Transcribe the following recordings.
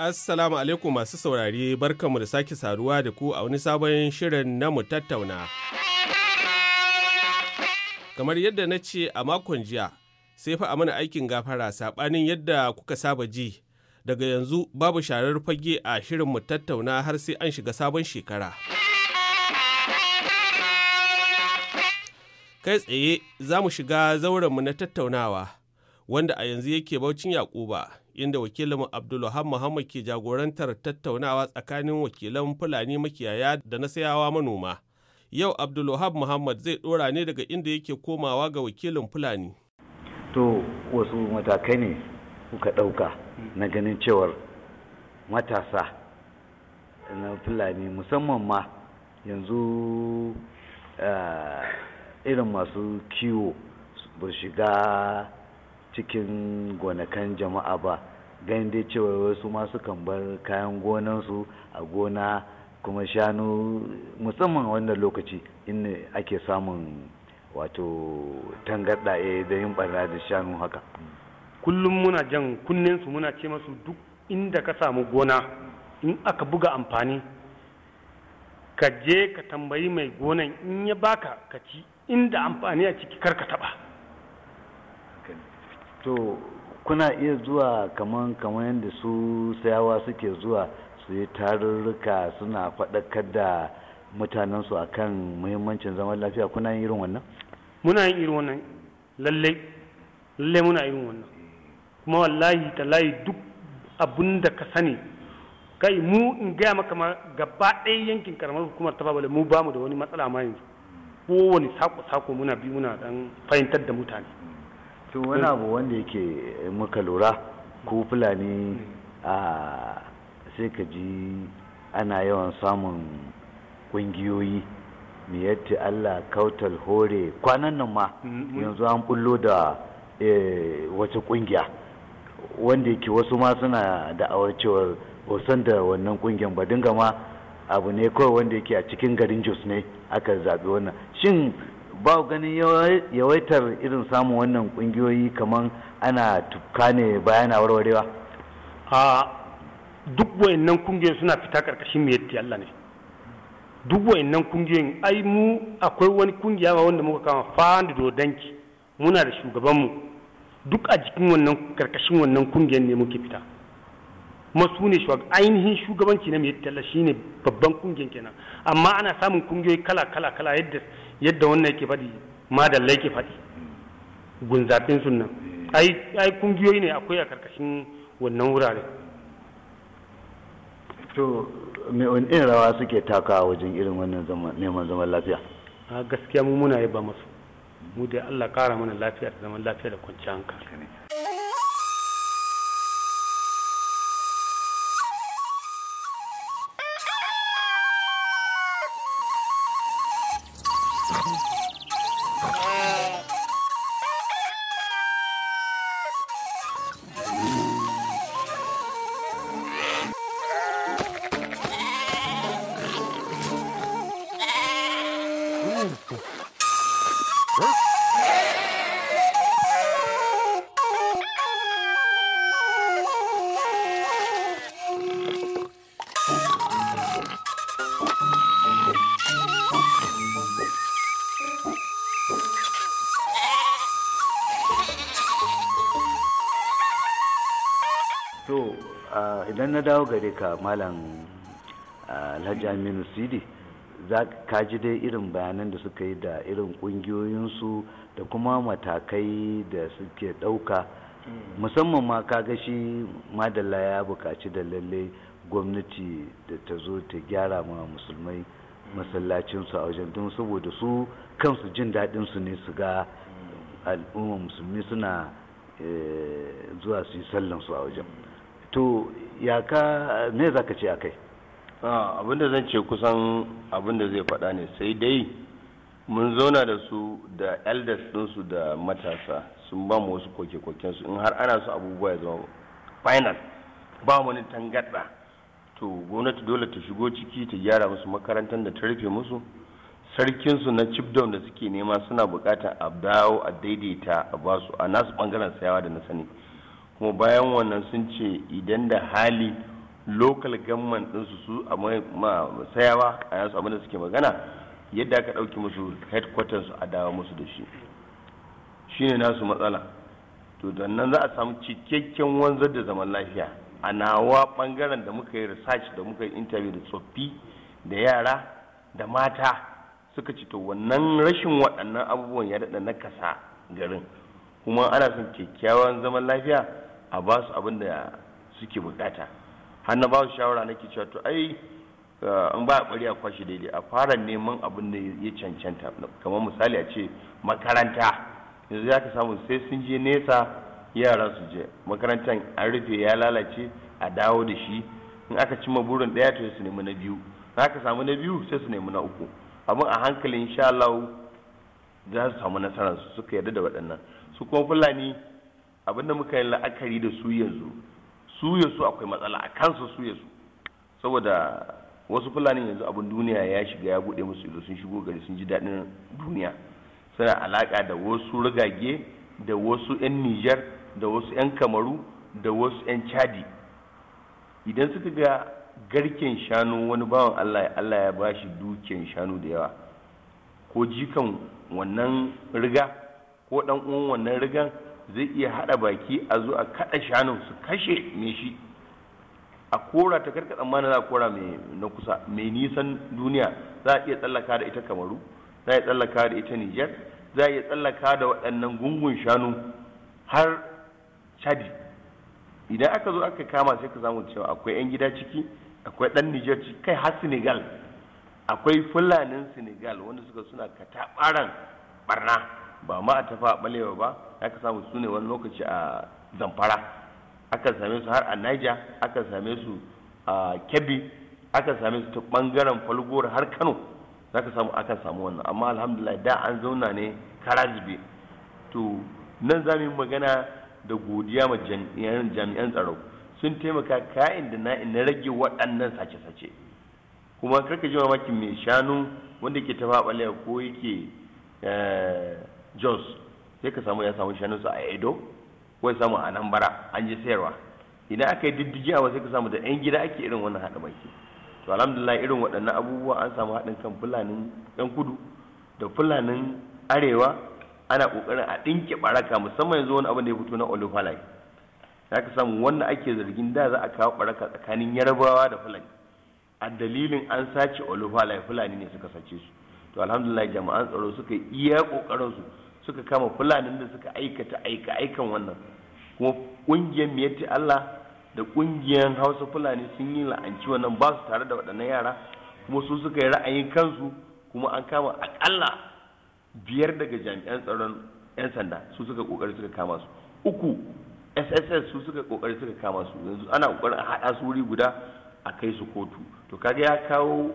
Assalamu alaikum masu saurari, barkanmu da sake saduwa da ku a wani sabon shirin na mu tattauna. Kamar yadda na ce a makon jiya, sai fa a mana aikin gafara saɓanin yadda kuka saba ji. Daga yanzu babu sharar fage a shirin mu tattauna har sai an shiga sabon shekara. kai tsaye za mu shiga mu na tattaunawa wanda a yanzu yake baucin yakuba inda wakilin Abdulwahab Muhammad ke jagorantar tattaunawa tsakanin wakilan Fulani makiyaya da na sayawa manoma. Yau Abdulwahab Muhammad zai ɗora ne daga inda yake komawa ga wakilin Fulani. To wasu matakai ne kuka ɗauka na ganin cewar matasa na Fulani musamman ma yanzu eh, irin masu kiwo ba shiga cikin gonakan jama'a ba ganin dai cewa wasu ma kan bar kayan gonansu a gona kuma shanu musamman wannan lokaci inda ake samun wato tangarɗa eh, da yin barna da shanu haka kullum muna jan kunninsu muna ce masu duk inda ka samu gona in aka buga amfani ka je ka tambayi mai gonan in ya baka ka ci inda amfani a ciki kar ka taba to kuna iya zuwa kaman kaman yadda su sayawa suke zuwa su yi tarurruka suna faɗakar da mutanensu a kan muhimmancin zaman lafiya kuna yin irin wannan muna yin irin wannan lallai lallai muna irin wannan kuma wallahi layi duk abin da ka sani kai mu in gaya maka ma gaba ɗaya yankin karamar hukumar ta babale mu bamu da wani matsala ma yanzu kowane sako-sako muna bi muna dan fahimtar da mutane tun wani abu wanda yake muka lura ko fulani a sai ka ji ana yawan samun mai miyatti allah kautal hore kwanan nan ma mm-hmm. yanzu an bullo da eh, wata ƙungiya wanda yake wasu ma suna da'awar cewar san da wannan ƙungiyar ba dinga ma abu ne kawai wanda yake a cikin garin jos ne aka zaɓi wannan shin ba ganin yawaitar irin samun wannan kungiyoyi kamar ana tufka ne bayan warwarewa a duk wayannan kungiyoyin suna fita karkashin mai yadda Allah ne duk wayannan kungiyoyin ai mu akwai wani kungiya ba wanda muka kama fa'an da danki muna da shugabanmu duk a jikin wannan karkashin wannan kungiyar ne muke fita kuma su ne ainihin shugabanci na mai yadda Allah shine babban kungiyar kenan amma ana samun kungiyoyi kala kala kala yadda yadda wannan yake faɗi da ke faɗi gunzafin sunan ai kungiyoyi ne akwai a karkashin wannan wurare to me irin rawa suke takawa wajen irin wannan neman zaman lafiya a gaskiya mu muna yaba masu mu da Allah kara mana lafiya da zaman lafiya da kwanciyar hankali idan na dawo gare ka malam ah, alhaji aminu sidi za ka ji dai irin bayanan da suka yi da irin kungiyoyinsu da kuma matakai da suke ɗauka musamman ma kaga shi madalla ya buƙaci da lalle gwamnati da ta zo ta gyara ma musulmai masallacinsu a wajen don saboda su kansu jin daɗinsu ne su ga al'ummar musulmi suna eh, zuwa su yi sallansu a wajen to ya ka me za ka ce a kai abinda zan ce kusan abinda zai faɗa ne sai dai mun zauna da su da elders ɗinsu da matasa sun ba mu wasu koke su in har ana su abubuwa ya zama final ba mu ni tangarɗa to gwamnati dole ta shigo ciki ta gyara musu makarantar da ta rufe musu sarkinsu na down da suke nema suna bukatar a dawo a daidaita a basu a nasu bangaren sayawa da na sani kuma bayan wannan sun ce idan da hali local government ɗinsu su a sayawa a yasu abin da suke magana yadda aka ɗauki musu headquarters a dawo musu da shi shi ne nasu matsala to da nan za a samu cikakken wanzar da zaman lafiya a nawa ɓangaren da muka yi research da muka yi interview da tsoffi da yara da mata suka ci to wannan rashin waɗannan abubuwan ya daɗa nakasa garin kuma ana son kyakkyawan zaman lafiya a ba su abin da suke bukata har basu ba su shawara nake cewa to ai an ba bari a kwashe daidai a fara neman abin da ya cancanta kamar misali a ce makaranta yanzu ya ka samu sai sun je nesa yara su je makarantar an rufe ya lalace a dawo da shi in aka cimma burin daya to su nemi na biyu in aka samu na biyu sai su nemi na uku abin a hankali insha Allah za su samu nasararsu su suka yarda da waɗannan su kuma fulani abinda muka yi la'akari da su yanzu su su akwai matsala a kansu su su saboda wasu fulani yanzu abin duniya ya shiga ya buɗe musu ido sun shigo gari sun ji daɗin duniya suna alaƙa da wasu rigage da wasu 'yan nijar da wasu 'yan kamaru da wasu 'yan chadi idan suka ga garken shanu wani bawan allah allah ya bashi duken shanu da yawa ko jikan wannan riga ko ɗan uwan wannan rigan zai iya haɗa baki a zo a kaɗa shanu su kashe mai shi a kora ta karka tsammanin za kora mai na kusa mai nisan duniya za a iya tsallaka da ita kamaru za a iya tsallaka da ita niger za a iya tsallaka da waɗannan gungun shanu har chadi idan aka zo aka kama sai ka samu cewa akwai 'yan gida ciki akwai ɗan niger ciki kai har senegal akwai fulanin senegal wanda suka suna kataɓaran barna ba ma a tafa balewa ba ya ka samu su ne wani lokaci a zamfara akan same su har a niger akan same su a kebbi Aka same su ta bangaren falgora har kano za ka samu akan samu wannan amma alhamdulillah da an zauna ne karajibe to nan za mu yi magana da godiya ma jami'an tsaro sun taimaka ka'in da na na rage waɗannan sace-sace kuma karka ji mamakin mai shanu wanda ke tafa ɓalewa ko yake eh, jos sai ka samu ya samu shanunsu a edo ko samu a bara an je sayarwa idan aka yi diddigi a sai ka samu da 'yan gida ake irin wannan haɗa baki to alhamdulillah irin waɗannan abubuwa an samu haɗin kan fulanin 'yan kudu da fulanin arewa ana ƙoƙarin a ɗinke ɓaraka musamman yanzu wani abin da ya fito na olufalai za ka samu wannan ake zargin da za a kawo ɓaraka tsakanin yarbawa da fulani a dalilin an sace olufalai fulani ne suka sace su to alhamdulillah jama'an tsaro suka iya ƙoƙarinsu su suka kama fulani da suka aikata aika aikan wannan kuma kungiyar miyatti Allah da kungiyar hausa fulani sun yi la'anci wannan ba su tare da waɗannan yara kuma su suka yi ra'ayin kansu kuma an kama akalla biyar daga jami'an tsaron 'yan sanda su suka kokari suka kama su uku sss su suka kokari suka kama su yanzu ana kokarin a haɗa su wuri guda a kai su kotu to kaga ya kawo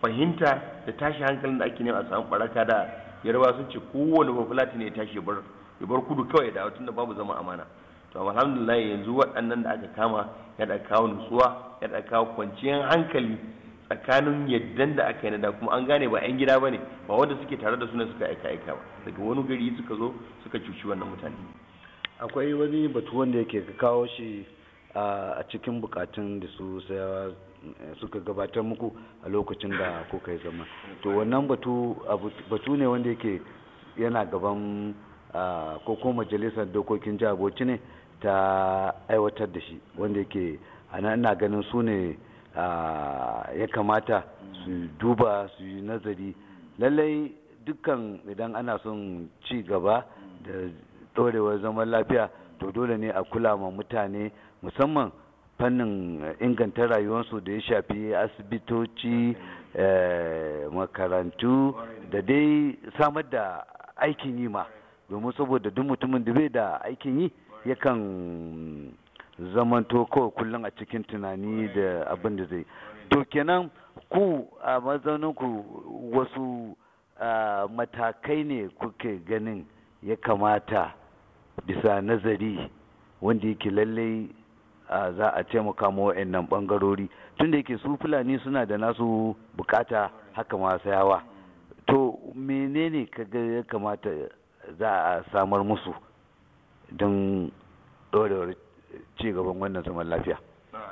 fahimta da tashi hankalin da ake nema a samu baraka da yarba sun ce kowane bafulati ne ya tashi ya bar kudu kawai da tunda babu zama amana to alhamdulillah yanzu waɗannan da aka kama ya da kawo nutsuwa ya da kawo kwanciyar hankali tsakanin yaddan da aka yi na da kuma an gane ba 'yan gida ba ne ba wanda suke tare da suna suka aika aika ba daga wani gari suka zo suka cuci wannan mutane akwai wani batu wanda yake kawo shi a cikin bukatun da su eh, suka gabatar muku a lokacin da kuka yi zama to wannan batu batu ne wanda yake yana gaban ko ko majalisar dokokin jagoci ne ta aiwatar da shi wanda yake ana ganin su ne ya kamata su duba su yi nazari lallai dukkan idan ana son ci gaba da ɗorewar zaman lafiya to dole ne a kula ma mutane musamman fannin eh, inganta rayuwarsu da ya shafi asibitoci eh, makarantu da dai samar da aikin yi ma domin saboda duk mutumin da bai da aikin yi yakan zamanto kawai kullum a cikin tunani da abin da zai to kenan ku a ku wasu matakai ne kuke ganin ya kamata bisa nazari wanda yake lallai za a taimaka ma wa'annan bangarori tun da yake su fulani suna da nasu bukata haka masu yawa to menene kaga ya kamata za a samar musu don ɗorewar cigaban wannan zaman lafiya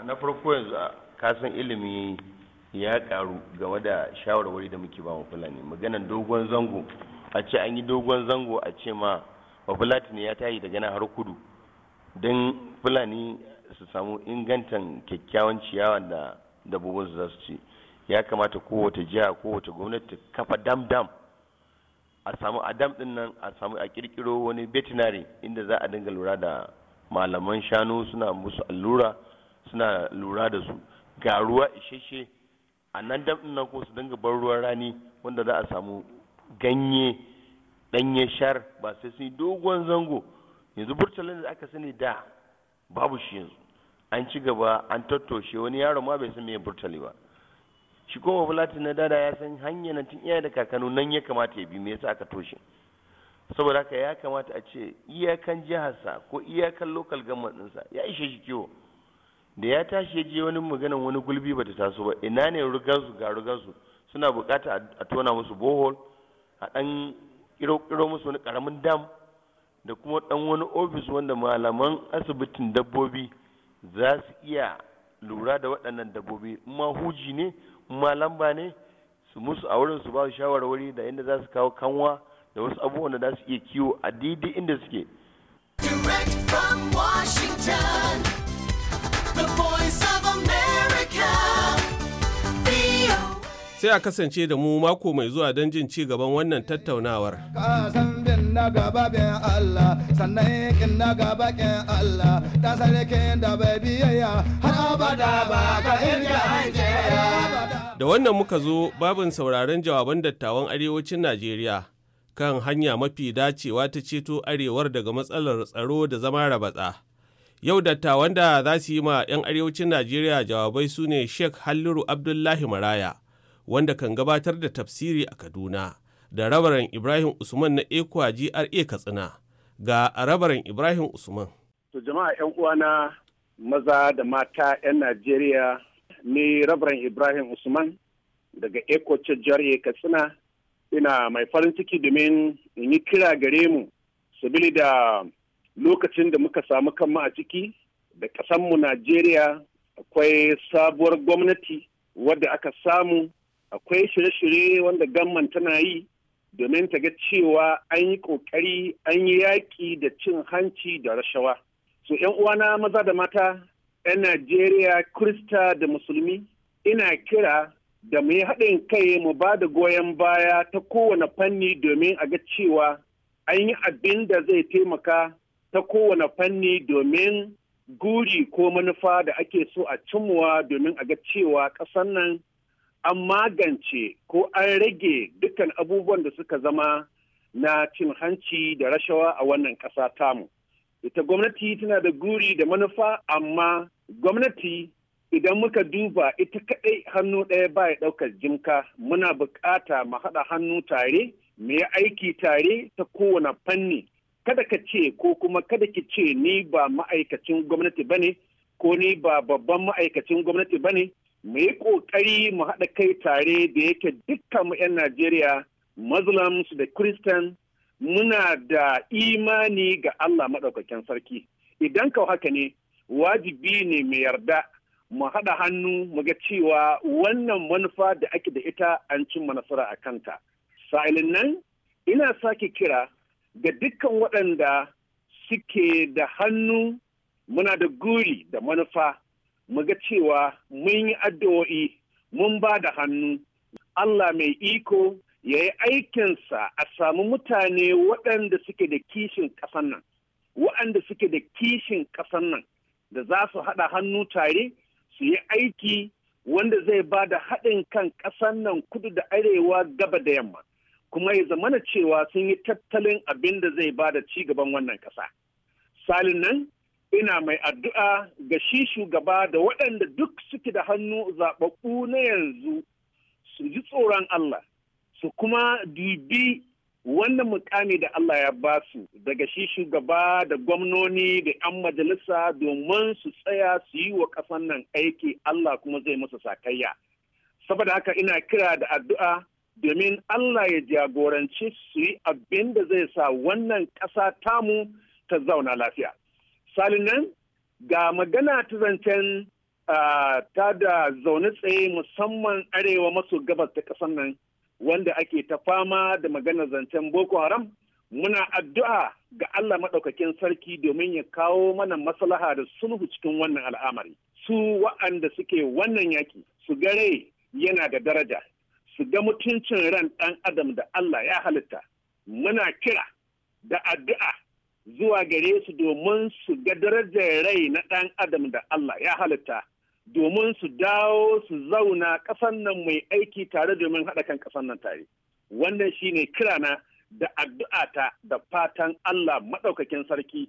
na farko yanzu kasan ilimi ya karu game da shawarwari da muke ba fulani maganan dogon zango a ce an yi dogon zango a ce ma ba fulani ya tayi daga nan har kudu don fulani su samu ingantan kyakkyawan ciyawa da dabbobin su za su ci ya kamata kowace jiha kowace gwamnati ta kafa dam dam a samu a dam din nan a samu a kirkiro wani veterinary inda za a dinga lura da malaman shanu suna musu allura suna lura da su ga ruwa isheshe a nan dam din nan ko su dinga bar ruwan rani wanda za a samu ganye danye shar ba sai sun yi dogon zango yanzu burtalin da aka sani da babu shi yanzu an ci gaba an tattoshe wani yaro ma bai san me burtali ba shi ko fulati na dada ya san hanya na tun iyaye da kakanu nan ya kamata ya bi me yasa aka toshe saboda haka ya kamata a ce iyakan jiharsa ko iyakan lokal gama ɗinsa ya ishe shi kiwo da ya tashi ya je wani maganan wani gulbi bata taso ba ina ne rugansu ga rugansu suna bukata a tona musu bohol a dan kiro musu wani karamin dam da kuma dan wani ofis wanda malaman asibitin dabbobi za su iya lura da waɗannan dabbobi ma huji ne ma lamba ne su musu a wurin su ba su shawarwari da inda za su kawo kanwa da wasu abubuwan da za su iya kiwo a daidai inda suke. Sai a kasance da mu mako mai zuwa don jin ci gaban wannan tattaunawar. na gaba bin Allah sannan yakin gaba kin Allah dan sarkin da bai biyayya har abada ba ka irga da wannan muka zo babin sauraron jawaban dattawan arewacin Najeriya kan hanya mafi dacewa ta ceto arewar daga matsalar tsaro da zama rabatsa. Yau dattawan da za su yi ma 'yan arewacin Najeriya jawabai su ne Sheikh Halliru Abdullahi Maraya, wanda kan gabatar da tafsiri a Kaduna, da rabaran Ibrahim Usman na Ekwa GRA Katsina ga rabaran Ibrahim Usman. To jama'a 'yan uwana maza da mata 'yan Najeriya ni rabaran Ibrahim Usman daga Ekwa GRA Katsina ina mai farin ciki domin in yi kira gare mu sabili da lokacin da muka samu kanmu a ciki da mu Najeriya akwai sabuwar gwamnati wadda aka samu akwai shirye-shirye wanda gamman tana yi domin ta ga cewa an yi ƙoƙari an yi yaƙi da cin hanci da rashawa. So ‘yan uwana maza da mata, ‘yan Najeriya, Krista da Musulmi, ina kira da mu yi haɗin kai mu ba da goyon baya ta kowane fanni domin a ga cewa an yi abin da zai taimaka ta kowane fanni domin guri ko manufa da ake so a cimuwa domin a ga cewa ƙasar nan an magance ko an rage dukkan abubuwan da suka zama na cin hanci da rashawa a wannan ƙasa tamu. Ita gwamnati tana da guri da manufa amma gwamnati idan muka duba ita kaɗai hannu ɗaya ba ya ɗaukar jimka muna buƙata mu haɗa hannu tare mai aiki tare ta kowane fanni kada ka ce ko kuma kada ki ce ni ba ma'aikacin gwamnati bane ko ni ba babban ma'aikacin gwamnati bane mu yi ƙoƙari mu haɗa kai tare da yake dukkan mu 'yan Najeriya Muslims da Christian muna da imani ga Allah maɗaukakin sarki. Idan kau haka ne, wajibi ne mai yarda mu haɗa hannu mu ga cewa wannan manufa da ake da ita an cimma nasara a kanta. Sa'ilin nan, ina sake kira ga dukkan waɗanda suke da hannu muna da guri da manufa mu ga cewa mun yi addu'o'i mun ba da hannu Allah mai iko ya yi aikinsa a samu mutane waɗanda suke da kishin ƙasan nan waɗanda suke da kishin ƙasan nan da za su haɗa hannu tare su yi aiki wanda zai ba da haɗin kan ƙasan nan kudu da arewa gaba da yamma kuma ya zamana cewa sun yi tattalin abin da zai ba da ci gaban wannan ƙasa. Salin nan ina mai addu'a ga shi shugaba da waɗanda duk suke da hannu zaɓaɓɓu na yanzu su ji tsoron Allah su kuma dubi wannan mukami da Allah ya ba su daga shi shugaba da gwamnoni da 'yan majalisa domin su tsaya su yi wa ƙasan nan aiki Allah kuma zai masa sakayya. Saboda haka ina kira da addu'a domin Allah ya jagoranci su yi abin da zai sa wannan ƙasa tamu ta zauna lafiya. salinan ga magana ta zancen ta da zaune tsaye musamman arewa maso gabas ta ƙasar nan wanda ake ta fama da magana zancen boko haram muna addu'a ga Allah maɗaukakin sarki domin ya kawo mana maslaha da sulhu cikin wannan al'amari. Su wa'anda suke wannan yaki su gare yana da daraja, su ga mutuncin ran ɗan adam da Allah ya halitta. Muna kira da addu'a zuwa gare su domin su ga darajar rai na ɗan adam da Allah ya halitta domin su dawo su zauna ƙasan nan mai aiki tare domin haɗa kan ƙasan nan tare wannan shi ne kirana da addu'ata da fatan Allah maɗaukakin sarki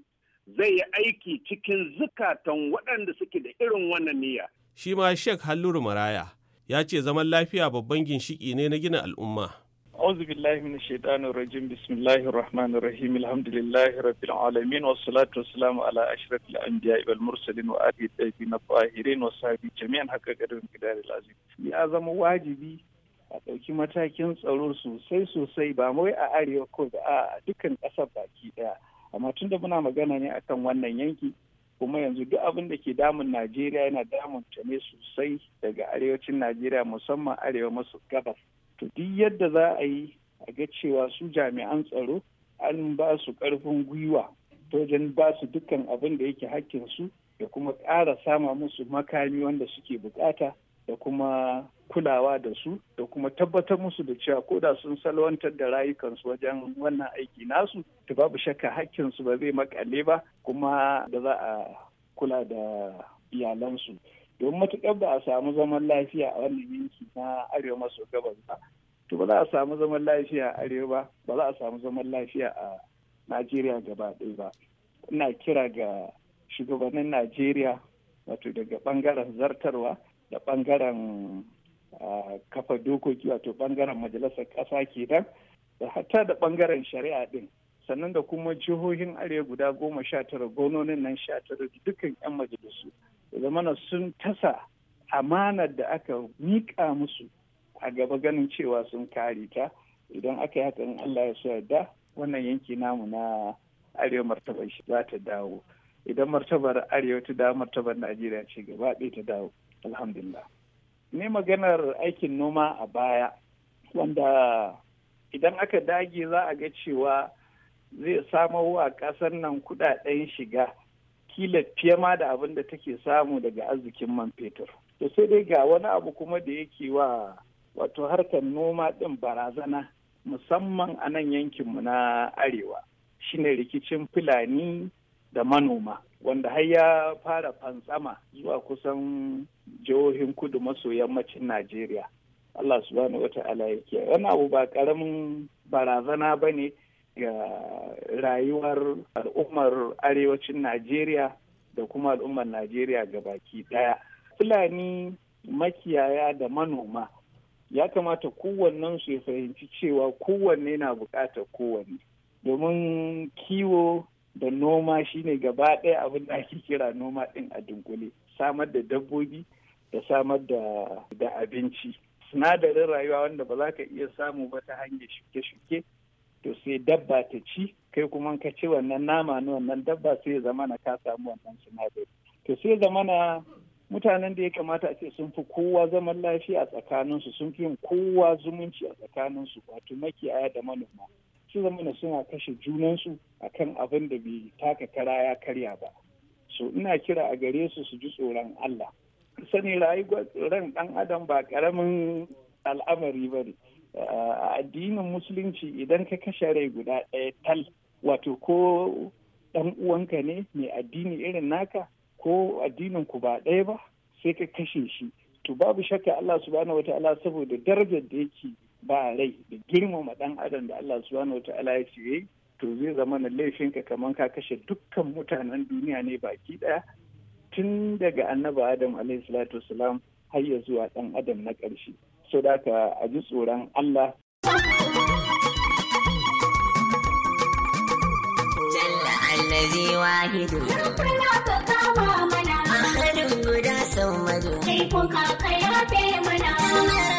zai yi aiki cikin zukatan waɗanda suke da irin wannan niyya. Shi ma Sheikh Halluru Maraya ya ce zaman lafiya babban ginshiƙi ne na gina al'umma. أعوذ بالله من الشيطان الرجيم بسم الله الرحمن الرحيم الحمد لله رب العالمين والصلاة والسلام على أشرف الأنبياء والمرسلين وآله الطيبين الطاهرين وصحبه جميعا حق قدر القدر العظيم يا زم واجبي a ɗauki matakin tsaro sosai sosai ba wai a arewa ko a dukkan ƙasar baki ɗaya amma tun da muna magana ne akan wannan yanki kuma yanzu duk abin da ke damun najeriya yana damun ta ne sosai daga arewacin najeriya musamman arewa maso gabas to duk yadda za a yi a ga cewa su jami'an tsaro an ba su ƙarfin gwiwa wajen ba su dukkan abin da yake su da kuma ƙara sama musu makami wanda suke bukata da kuma kulawa da su da kuma tabbatar musu da cewa ko da sun salwantar da rayukansu wajen wannan aiki nasu to babu shakka hakkinsu ba zai makale ba kuma da za a kula da iyalansu don matuƙar ba a samu zaman lafiya a wannan yanki na arewa maso gabas ba to ba za a samu zaman lafiya a arewa ba za a samu zaman lafiya a najeriya gaba ɗaya ba ina kira ga shugabannin najeriya wato daga ɓangaren zartarwa da ɓangaren kafa dokoki wato ɓangaren majalisar ƙasa kenan da hatta da ɓangaren shari'a ɗin sannan da kuma jihohin arewa guda goma sha tara gononin nan sha tara dukkan 'yan majalisu zamana sun tasa amanar da aka miƙa musu a gaba ganin cewa sun kare ta idan aka yi hakan Allah ya so yarda wannan yanki namu na arewa martabar shi za ta dawo idan martabar arewa ta dawo martabar Najeriya ce gaba ɗaya ta dawo alhamdulillah ne maganar aikin noma a baya wanda idan aka dage za a ga cewa zai samo wa ƙasar nan kuɗaɗen shiga kila fiye ma da abin da take samu daga arzikin man fetur to sai dai ga wani abu kuma da yake wa wato harkar noma ɗin barazana musamman a nan yankinmu na arewa shine rikicin fulani da manoma wanda har ya fara fantsama zuwa kusan jihohin kudu maso yammacin najeriya allah subhanahu wa ta'ala ya wani abu ba karamin barazana ba ne ga rayuwar al'ummar arewacin najeriya da kuma al'ummar najeriya ga baki ɗaya fulani makiyaya da manoma ya kamata kowannen su ya fahimci cewa kowanne na buƙatar kowanne domin kiwo da noma shine gaba ɗaya abin da ake kira noma ɗin a dunkule samar da dabbobi da samar da abinci sinadarin rayuwa wanda ba za ka iya samu ba ta hanyar shuke-shuke to sai dabba ta ci kai kuma ka ci wannan nama na wannan dabba sai ya zama na ka samu wannan sinadari to sai zama na mutanen da ya kamata a ce sun fi kowa zaman lafiya a tsakaninsu sun fi kowa zumunci a tsakanin tsakaninsu wato makiyaya da manoma su zama na suna kashe junansu akan abin da bai taka kara ya karya ba so ina kira a gare su su ji tsoron Allah sani rayuwar ran dan adam ba karamin al'amari ba ne a addinin musulunci idan ka kashe rai guda ɗaya tal wato ko ɗan uwanka ne mai addini irin naka ko addinin ku ba ɗaya ba sai ka kashe shi to babu shakka Allah subhanahu wataala saboda darajar da yake ba rai da girmama ɗan adam da Allah subhanahu wataala ya ce eh, to zai zama na laifinka kamar ka kashe dukkan mutanen duniya ne baki ɗaya tun daga annaba adam alaihissalatu wasalam har ya zuwa dan adam na ƙarshe so da ka a ji tsoron allah الذي واحد أحد قدا سومد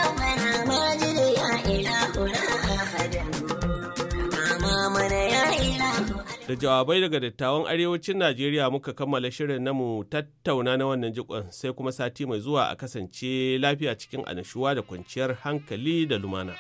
jawabai daga dattawan arewacin Najeriya muka kammala shirin namu tattauna na wannan jikon sai kuma sati mai zuwa a kasance lafiya cikin anashuwa da kwanciyar hankali da lumana.